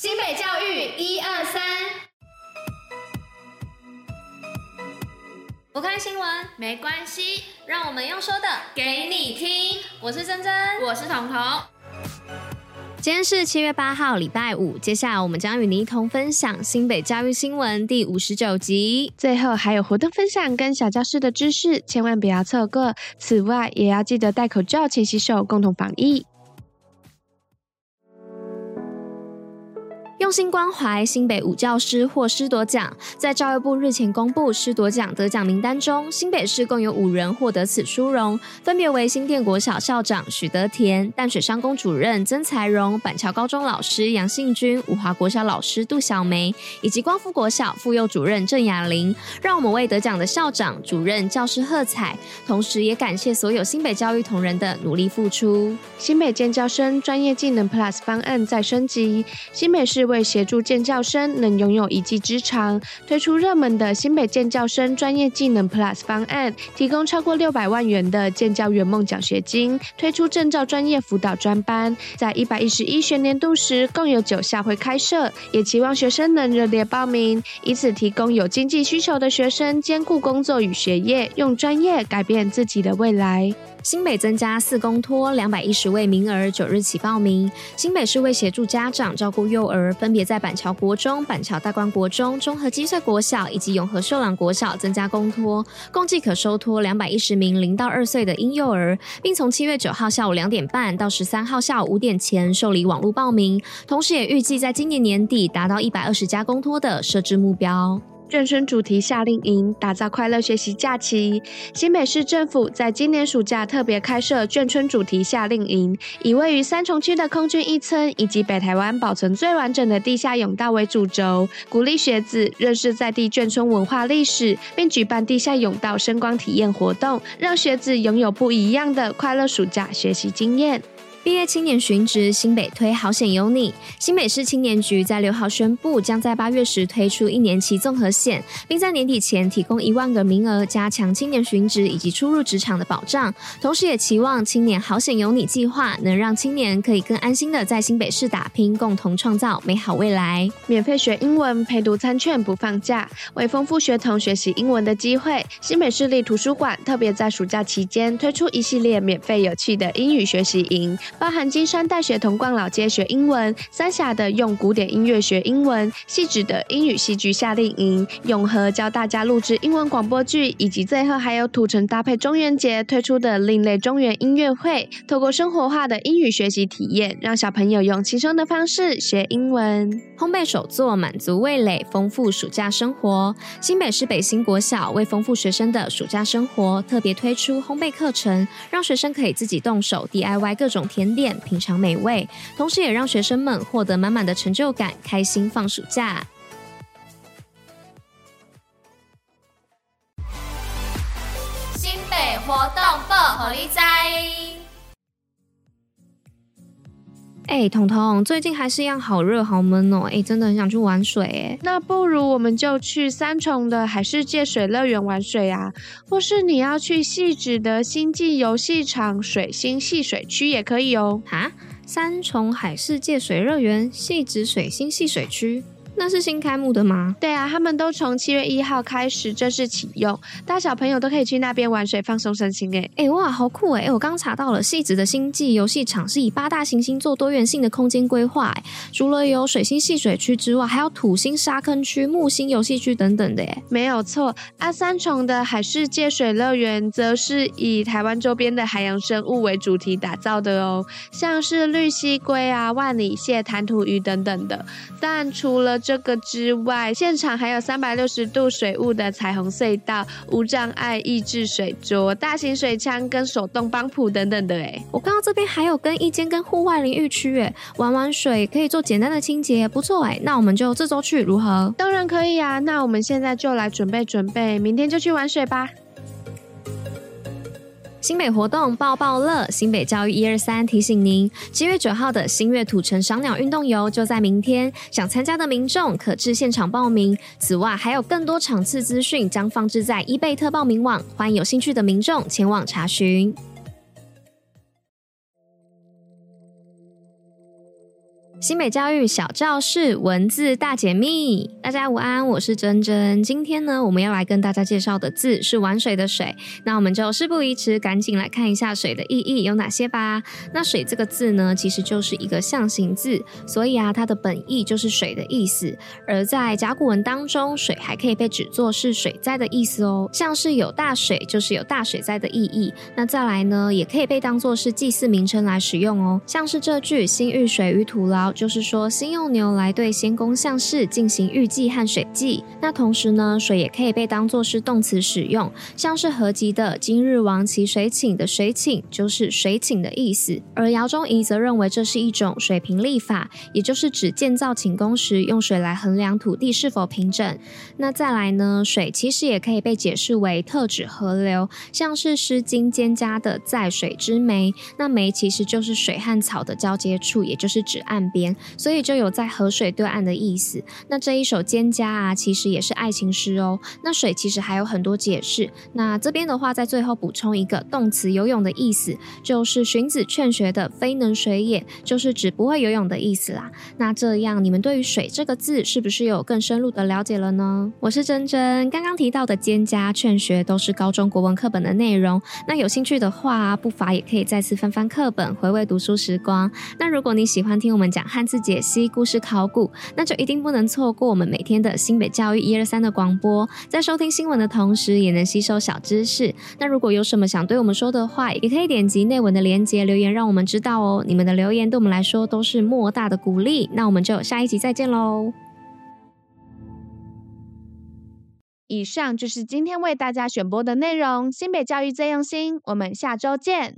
新北教育一二三，1, 2, 不看新聞沒關係，讓我們用說的給你聽。我是珍珍，我是彤彤。今天是七月八號，禮拜五。接下來我們將與你一同分享新北教育新聞第五十九集。最後還有活動分享跟小教室的知識，千萬不要錯過。此外，也要記得戴口罩、勤洗手，共同防疫。用心關懷，新北五教師獲師鐸獎。在教育部日前公布師鐸獎得獎名單中，新北市共有五人獲得此殊榮，分別為新店國小校長許德田、淡水商工主任曾才榮、板橋高中老師楊信軍、五華國小老師杜小梅以及光復國小附幼主任鄭雅玲。讓我們為得獎的校長、主任、教師喝彩，同時也感謝所有新北教育同仁的努力付出。新北建教生專業技能 Plus 方案再升級，新北市。為協助建教生能擁有一技之長，推出熱門的新北建教生專業技能 Plus 方案，提供超過六百萬元的建教圓夢獎學金，推出證照專業輔導專班，在一百一十一學年度時共有九校會開設，也期望學生能熱烈報名，以此提供有經濟需求的學生兼顧工作與學業，用專業改變自己的未來。新北增加四公托兩百一十位名額，九日起報名。新北市為協助家長照顧幼兒。分別在板橋國中、板橋大觀國中、中和積穗國小以及永和秀朗國小增加公托，共計可收托兩百一十名零到二歲的嬰幼兒，並從七月九號下午兩點半到十三號下午五點前受理網絡報名，同時也預計在今年年底達到一百二十家公托的設置目標。眷村主題夏令營，打造快樂學習假期。新北市政府在今年暑假特別開設眷村主題夏令營，以位於三重區的空軍一村以及北台灣保存最完整的地下甬道為主軸，鼓勵學子認識在地眷村文化歷史，並舉辦地下甬道聲光體驗活動，讓學子擁有不一樣的快樂暑假學習經驗。畢業青年尋職，新北推好險有你。新北市青年局在六號宣佈，將在八月時推出一年期綜合險，並在年底前提供一萬個名額，加強青年尋職以及初入職場的保障。同時，也期望青年好險有你計劃能讓青年可以更安心地在新北市打拼，共同創造美好未來。免費學英文，陪讀餐券不放假，為豐富學童學習英文的機會，新北市立圖書館特別在暑假期間推出一系列免費有趣的英語學習營。包含金山帶學童逛老街學英文，三峽的用古典音樂學英文，汐止的英語戲劇夏令營，永和教大家錄製英文廣播劇，以及最後還有土城搭配中元節推出的另類中元音樂會。透過生活化的英語學習體驗，讓小朋友用輕鬆的方式學英文。烘焙手作滿足味蕾，豐富暑假生活。新北市北新國小為豐富學生的暑假生活，特別推出烘焙課程，讓學生可以自己動手 DIY 各種。甜點，品嘗美味，同時也讓學生們獲得滿滿的成就感，開心放暑假。新北活動報虎哩知。哎，彤彤，最近還是一樣好熱好悶哦。哎，真的很想去玩水哎。那不如我們就去三重的海世界水樂園玩水啊，或是你要去汐止的星際遊戲場水星戲水區也可以哦。啊？三重海世界水樂園，汐止水星戲水區。那是新開幕的嗎？對啊，他們都從七月一號開始正式啟用，大小朋友都可以去那邊玩水、放鬆身心、欸。誒哎、欸，哇，好酷誒、欸！我剛查到了，汐止的星際遊戲場是以八大行星做多元性的空間規劃、欸，除了有水星戲水區之外，還有土星沙坑區、木星遊戲區等等的、欸。哎，沒有錯。阿、啊、三重的海世界水樂園則是以台灣周邊的海洋生物為主題打造的哦，像是綠蠵龜啊、萬里蟹、彈塗魚等等的。但除了這個之外，現場還有三百六十度水霧的彩虹隧道、無障礙益智水桌、大型水槍跟手動幫浦等等的哎。我看到這邊還有更衣間跟戶外淋浴區誒，玩玩水可以做簡單的清潔，不錯誒，那我們就這周去如何？當然可以啊，那我們現在就來準備準備，明天就去玩水吧。新北活動報報樂，新北教育一二三提醒您：七月九號的新月土城賞鳥運動遊就在明天，想參加的民眾可至現場報名。此外，還有更多場次資訊將放置在伊貝特報名網，歡迎有興趣的民眾前往查詢。新北教育小教室，文字大解密，大家午安，我是珍珍。今天呢，我們要來跟大家介紹的字是“玩水”的“水”。那我們就事不宜遲，趕緊來看一下“水”的意義有哪些吧。那“水”這個字呢，其實就是一個象形字，所以啊，它的本意就是水的意思。而在甲骨文當中，“水”還可以被指作是水災的意思哦，像是有大水，就是有大水災的意義。那再來呢，也可以被當作是祭祀名稱來使用哦，像是這句“新遇水於土牢”。就是說，先用牛來對先公、象事進行玉祭和水祭，那同時呢，水也可以被當作是動詞使用，像是合集的《今日王其水寢》的“水寢”就是“水寢”的意思。而姚仲儀則認為這是一種水平立法，也就是指建造寢宮時用水來衡量土地是否平整。那再來呢，水其實也可以被解釋為特指河流，像是《詩經·蒹葭》的“在水之湄”，那“湄”其實就是水和草的交接處，也就是指岸邊。所以就有在河水對岸的意思。那這一首《蒹葭》啊，其實也是愛情詩哦。那水其實還有很多解釋。那這邊的話，在最後補充一個動詞游泳的意思，就是《荀子·勸學》的“非能水也”，就是指不會游泳的意思啦。那這樣，你們對於水這個字是不是有更深入的了解了呢？我是真真。剛剛提到的家《蒹葭》《勸學》都是高中國文課本的內容。那有興趣的話，不妨也可以再次翻翻課本，回味讀書時光。那如果你喜歡聽我們講，漢字解析、故事考古，那就一定不能錯過我們每天的新北教育一二三的廣播。在收聽新聞的同時，也能吸收小知識。那如果有什麼想對我們說的話，也可以點擊內文的鏈接留言，讓我們知道哦。你們的留言對我們來說都是莫大的鼓勵。那我們就下一集再見嘍。以上就是今天為大家選播的內容。新北教育最用心，我們下周見。